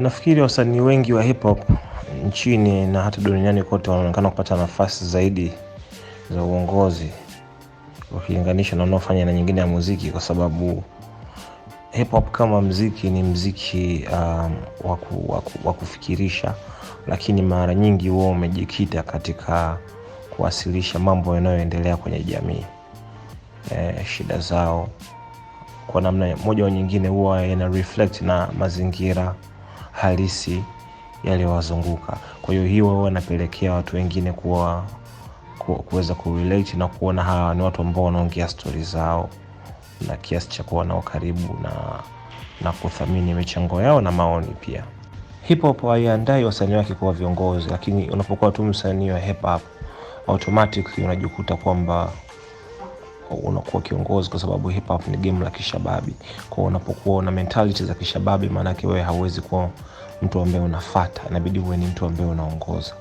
Nafikiri wasanii wengi wa hip hop nchini na hata duniani kote wanaonekana kupata nafasi zaidi za uongozi ukilinganisha na wanaofanya na nyingine ya muziki, kwa sababu hip hop kama mziki ni mziki um, waku, waku, kufikirisha, lakini mara nyingi huwa umejikita katika kuwasilisha mambo yanayoendelea kwenye jamii e, shida zao kwa namna moja au nyingine, huwa yana reflect na mazingira halisi yaliyowazunguka. Kwa hiyo hiyo huwa inapelekea watu wengine kuwa kuweza kurelate na kuona hawa ni watu ambao wanaongea stori zao na kiasi cha kuwa nao karibu na, na kuthamini michango yao na maoni pia. Hip hop haiandai wasanii wake kuwa viongozi, lakini unapokuwa tu msanii wa hip hop automatic unajikuta kwamba unakuwa kiongozi, kwa sababu hip hop ni game la kishababi. Kwa unapokuwa una mentality za kishababi, yake wewe hauwezi kuwa mtu ambaye unafata, inabidi uwe ni mtu ambaye unaongoza.